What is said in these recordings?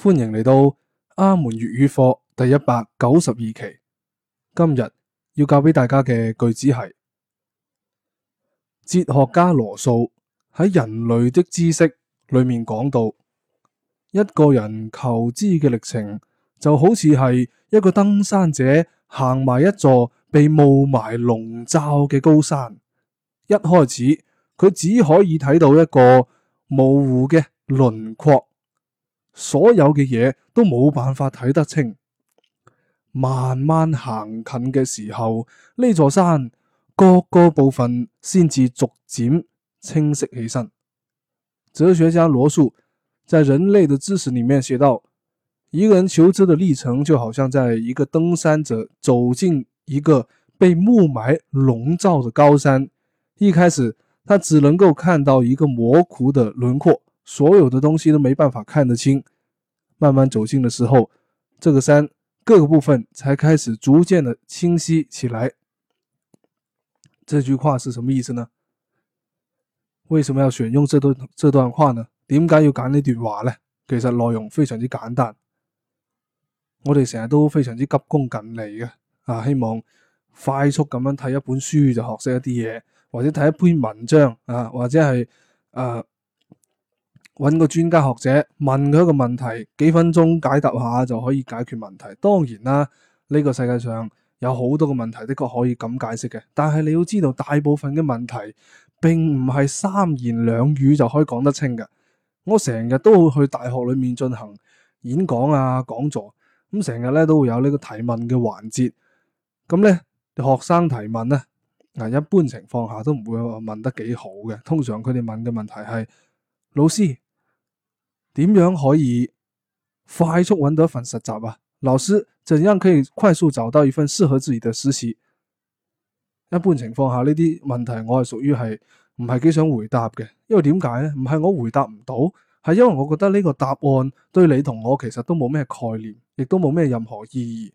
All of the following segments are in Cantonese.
歡迎嚟到阿門粵語課第一百九十二期。今日要教俾大家嘅句子係：哲學家羅素喺《人類的知識》裏面講到，一個人求知嘅歷程就好似係一個登山者行埋一座被霧霾籠罩嘅高山。一開始佢只可以睇到一個模糊嘅輪廓。所有嘅嘢都冇辦法睇得清，慢慢行近嘅時候，呢座山各個部分先至逐漸清晰起身。哲學家羅素在《人類的知識》裏面寫到：一個人求知嘅歷程，就好像在一個登山者走進一個被霧霾籠罩嘅高山，一開始他只能夠看到一個模糊的輪廓。所有的東西都沒辦法看得清，慢慢走近的時候，這個山各個部分才開始逐漸的清晰起來。這句話是什麼意思呢？為什麼要選用這段這段話呢？點解要揀呢段話呢？其實內容非常之簡單。我哋成日都非常之急功近利嘅，啊，希望快速咁樣睇一本書就學識一啲嘢，或者睇一篇文章啊，或者係誒。呃揾個專家學者問佢一個問題，幾分鐘解答下就可以解決問題。當然啦，呢個世界上有好多個問題的確可以咁解釋嘅，但係你要知道，大部分嘅問題並唔係三言兩語就可以講得清嘅。我成日都會去大學裡面進行演講啊講座，咁成日咧都會有呢個提問嘅環節。咁咧學生提問咧，嗱，一般情況下都唔會話問得幾好嘅，通常佢哋問嘅問題係老師。點樣可以快速揾到一份實習啊？老師，怎樣可以快速找到一份適合自己嘅實習？一般情況下呢啲問題我係屬於係唔係幾想回答嘅，因為點解咧？唔係我回答唔到，係因為我覺得呢個答案對你同我其實都冇咩概念，亦都冇咩任何意義。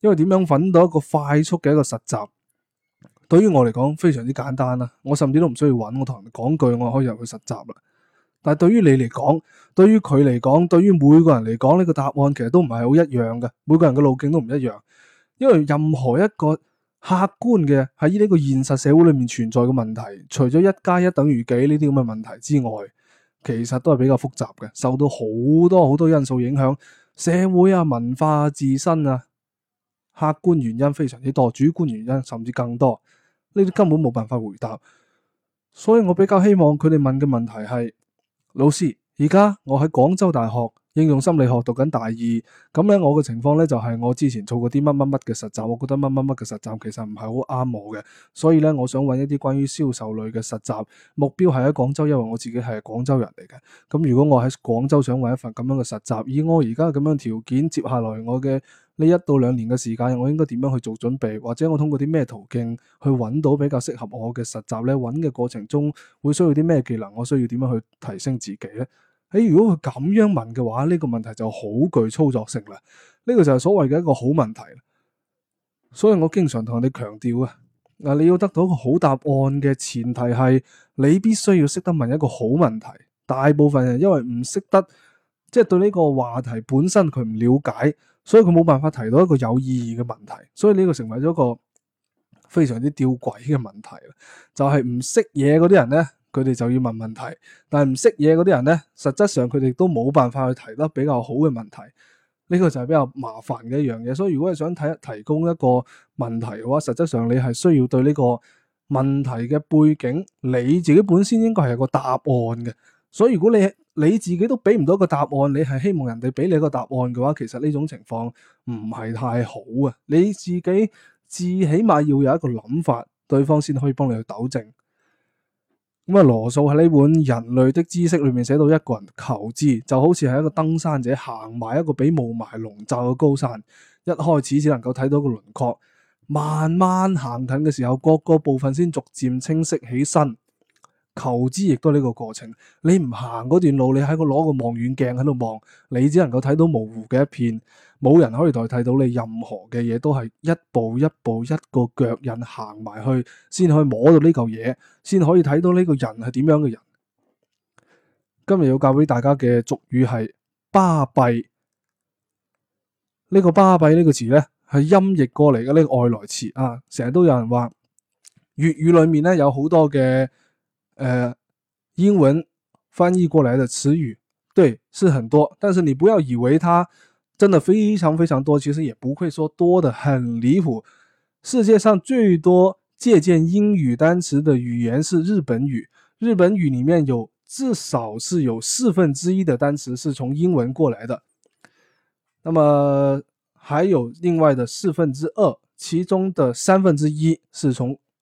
因為點樣揾到一個快速嘅一個實習，對於我嚟講非常之簡單啊。我甚至都唔需要揾，我同人講句，我可以入去實習啦。但係對於你嚟講，對於佢嚟講，對於每個人嚟講，呢個答案其實都唔係好一樣嘅。每個人嘅路徑都唔一樣，因為任何一個客觀嘅喺呢個現實社會裏面存在嘅問題，除咗一加一等於幾呢啲咁嘅問題之外，其實都係比較複雜嘅，受到好多好多因素影響，社會啊、文化啊、自身啊、客觀原因非常之多，主觀原因甚至更多，呢啲根本冇辦法回答。所以我比較希望佢哋問嘅問題係。老師，而家我喺廣州大學應用心理學讀緊大二，咁咧我嘅情況咧就係我之前做過啲乜乜乜嘅實習，我覺得乜乜乜嘅實習其實唔係好啱我嘅，所以咧我想揾一啲關於銷售類嘅實習，目標係喺廣州，因為我自己係廣州人嚟嘅。咁如果我喺廣州想揾一份咁樣嘅實習，以我而家咁樣條件，接下來我嘅呢一到兩年嘅時間，我應該點樣去做準備？或者我通過啲咩途徑去揾到比較適合我嘅實習呢？揾嘅過程中會需要啲咩技能？我需要點樣去提升自己呢？喺如果佢咁樣問嘅話，呢個問題就好具操作性啦。呢個就係所謂嘅一個好問題。所以我經常同你強調啊，嗱你要得到一個好答案嘅前提係你必須要識得問一個好問題。大部分人因為唔識得，即係對呢個話題本身佢唔了解。所以佢冇辦法提到一個有意義嘅問題，所以呢個成為咗一個非常之吊詭嘅問題啦。就係唔識嘢嗰啲人咧，佢哋就要問問題，但係唔識嘢嗰啲人咧，實質上佢哋都冇辦法去提得比較好嘅問題。呢個就係比較麻煩嘅一樣嘢。所以如果你想提提供一個問題嘅話，實質上你係需要對呢個問題嘅背景，你自己本身應該係有個答案嘅。所以如果你，你自己都俾唔到個答案，你係希望人哋俾你一個答案嘅話，其實呢種情況唔係太好啊！你自己至起碼要有一個諗法，對方先可以幫你去糾正。咁啊，羅素喺呢本《人類的知識》裏面寫到，一個人求知，就好似係一個登山者行埋一個俾霧霾籠罩嘅高山，一開始只能夠睇到個輪廓，慢慢行近嘅時候，各個部分先逐漸清晰起身。求知亦都係呢個過程，你唔行嗰段路，你喺個攞個望遠鏡喺度望，你只能夠睇到模糊嘅一片，冇人可以代替到你任何嘅嘢，都係一步一步一個腳印行埋去，先可以摸到呢嚿嘢，先可以睇到呢個人係點樣嘅人。今日要教俾大家嘅俗語係巴閉。呢個巴閉呢個詞呢，係音譯過嚟嘅呢個外來詞啊，成日都有人話粵語裏面呢，有好多嘅。呃，英文翻譯過來的詞語，對，是很多，但是你不要以為它真的非常非常多，其實也不會說多得很離譜。世界上最多借鑒英語單詞的語言是日本語，日本語裏面有至少是有四分之一的單詞是從英文過來的，那麼還有另外的四分之二，其中的三分之一是從。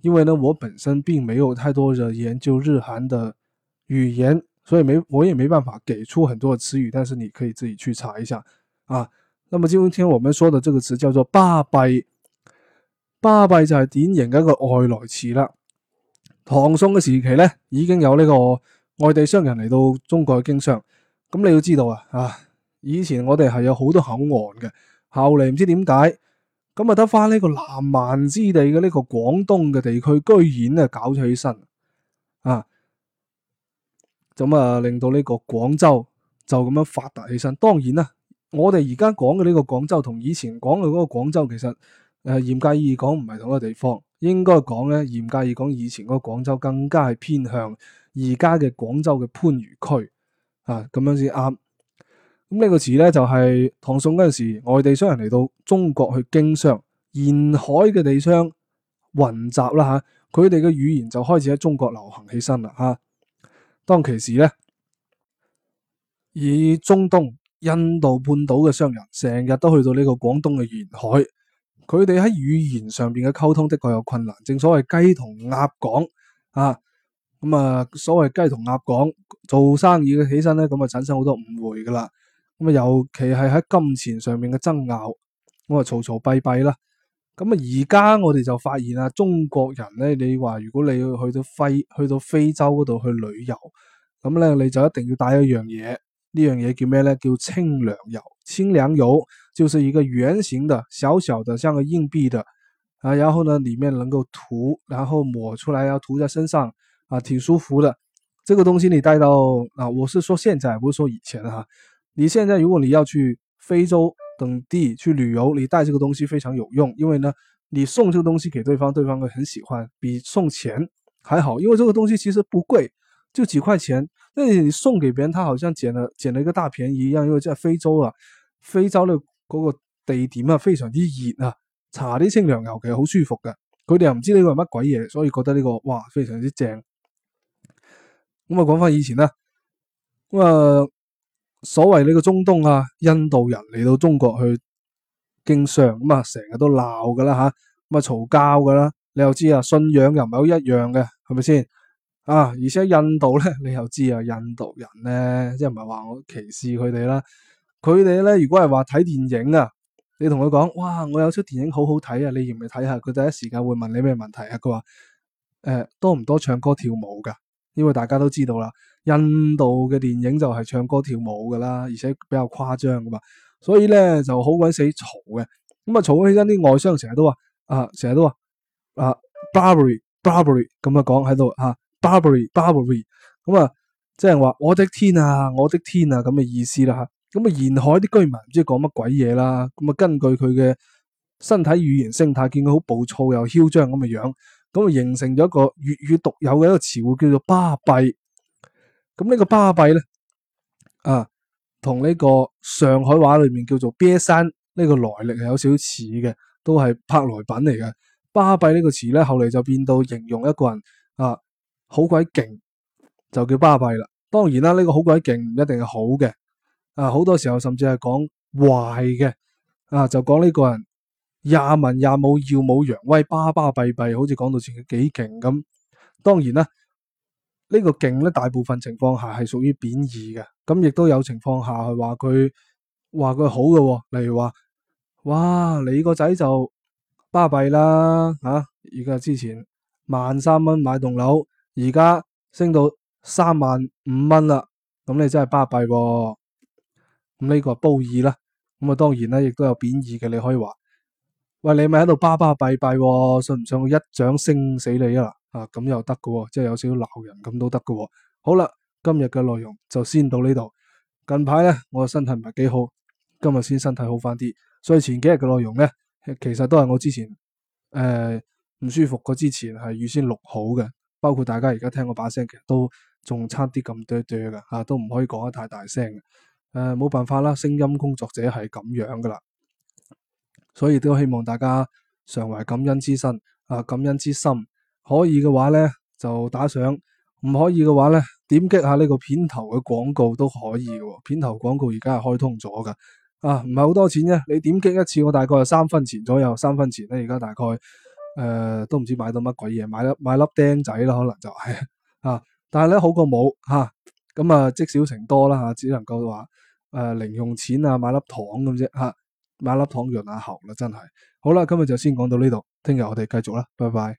因為呢，我本身並沒有太多人研究日韓的語言，所以我也沒辦法給出很多詞語，但是你可以自己去查一下啊。那麼今天我們說的這個詞叫做巴閉，巴閉就係典型嘅一個外來詞啦。唐宋嘅時期咧，已經有呢個外地商人嚟到中國嘅經商，咁、嗯、你要知道啊，啊，以前我哋係有好多口岸嘅，後嚟唔知點解。咁啊，得翻呢個南蠻之地嘅呢個廣東嘅地區，居然啊搞咗起身啊！咁啊，令到呢個廣州就咁樣發達起身。當然啦，我哋而家講嘅呢個廣州，同以前講嘅嗰個廣州，其實誒，嚴格嚟講唔係同一個地方。應該講咧，嚴格嚟講，以前嗰個廣州更加係偏向而家嘅廣州嘅番禺區啊，咁樣先啱。咁呢個詞咧就係、是、唐宋嗰陣時，外地商人嚟到中國去經商，沿海嘅地商雲集啦吓，佢哋嘅語言就開始喺中國流行起身啦吓、啊。當其時咧，以中東、印度半島嘅商人，成日都去到呢個廣東嘅沿海，佢哋喺語言上邊嘅溝通的確有困難，正所謂雞同鴨講啊。咁啊，所謂雞同鴨講，做生意嘅起身咧，咁啊產生好多誤會噶啦。咁啊、嗯，尤其係喺金錢上面嘅爭拗，咁啊嘈嘈閉閉啦。咁、嗯、啊，而家我哋就發現啊，中國人咧，你話如果你去去到非去到非洲嗰度去旅遊，咁、嗯、咧你就一定要帶一樣嘢，這個、呢樣嘢叫咩咧？叫清涼油。清涼油就是一個圓形嘅，小小的，像個硬幣的啊。然後呢，裏面能夠塗，然後抹出來，然後塗在身上啊，挺舒服的。這個東西你帶到啊，我是說現在，不是說以前啊。你現在如果你要去非洲等地去旅遊，你帶這個東西非常有用，因為呢，你送這個東西給對方，對方會很喜歡，比送錢還好，因為這個東西其實不貴，就幾塊錢，但係你送給別人，他好像撿了撿了一個大便宜一樣。因為在非洲啊，非洲呢嗰個地點啊非常之熱啊，茶啲清涼，尤其好舒服嘅，佢哋又唔知呢個係乜鬼嘢，所以覺得呢個哇非常之正。咁啊，講翻以前啦，咁啊。所謂呢個中東啊、印度人嚟到中國去經商、嗯嗯、經常咁啊，成日都鬧噶啦吓，咁啊嘈交噶啦，你又知啊，信仰又唔係好一樣嘅，係咪先？啊，而且印度咧，你又知啊，印度人咧，即係唔係話我歧視佢哋啦，佢哋咧如果係話睇電影啊，你同佢講，哇，我有出電影好好睇啊，你要唔要睇下？佢第一時間會問你咩問題啊？佢話誒，多唔多唱歌跳舞噶？因為大家都知道啦，印度嘅電影就係唱歌跳舞噶啦，而且比較誇張噶嘛，所以咧就好鬼死嘈嘅。咁、嗯、啊，嘈起身啲外商成日都話啊，成日都話啊 Barbary Barbary 咁啊講喺度嚇 Barbary Barbary 咁啊，ari, 嗯、即係話我的天啊，我的天啊咁嘅意思啦嚇。咁啊、嗯，沿海啲居民唔知講乜鬼嘢啦。咁、嗯、啊，根據佢嘅身體語言聲態，見佢好暴躁又囂張咁嘅樣。咁啊，就形成咗一個粵語獨有嘅一個詞彙，叫做巴閉。咁呢個巴閉咧，啊，同呢個上海話裏面叫做癟山，呢個來歷係有少少似嘅，都係舶來品嚟嘅。巴閉呢個詞咧，後嚟就變到形容一個人啊，好鬼勁，就叫巴閉啦。當然啦，呢個好鬼勁唔一定係好嘅，啊，好多時候甚至係講壞嘅，啊，就講呢個人。廿文廿武耀武揚威巴巴閉閉，好似講到自己幾勁咁。當然啦，這個、呢個勁咧，大部分情況下係屬於貶義嘅。咁、嗯、亦都有情況下係話佢話佢好嘅喎、哦。例如話：哇，你個仔就巴閉啦嚇！而、啊、家之前萬三蚊買棟樓，而家升到三萬五蚊啦。咁、嗯、你真係巴閉喎。咁、嗯、呢、這個褒義啦。咁、嗯、啊當然啦，亦都有貶義嘅，你可以話。喂，你咪喺度巴巴閉閉、哦，信唔信我一掌星死你啊？啊，咁又得嘅、哦，即係有少少鬧人咁都得嘅、哦。好啦，今日嘅內容就先到呢度。近排咧，我身體唔係幾好，今日先身體好返啲，所以前幾日嘅內容咧，其實都係我之前誒唔、呃、舒服嘅之前係預先錄好嘅，包括大家而家聽我把聲，其實都仲差啲咁哆哆嘅，吓、啊、都唔可以講得太大聲誒，冇、啊、辦法啦，聲音工作者係咁樣噶啦。所以都希望大家常懷感恩之心，啊，感恩之心，可以嘅話咧就打賞，唔可以嘅話咧點擊下呢個片頭嘅廣告都可以喎、哦，片頭廣告而家係開通咗噶，啊唔係好多錢啫，你點擊一次我大概係三分錢左右，三分錢咧而家大概誒、呃、都唔知買到乜鬼嘢，買粒買粒釘仔啦可能就係、是、啊，但係咧好過冇嚇，咁啊積少、啊啊啊、成多啦嚇、啊，只能夠話誒零用錢啊買粒糖咁啫嚇。啊啊啊買粒糖潤下喉啦，真係。好啦，今日就先講到呢度，聽日我哋繼續啦，拜拜。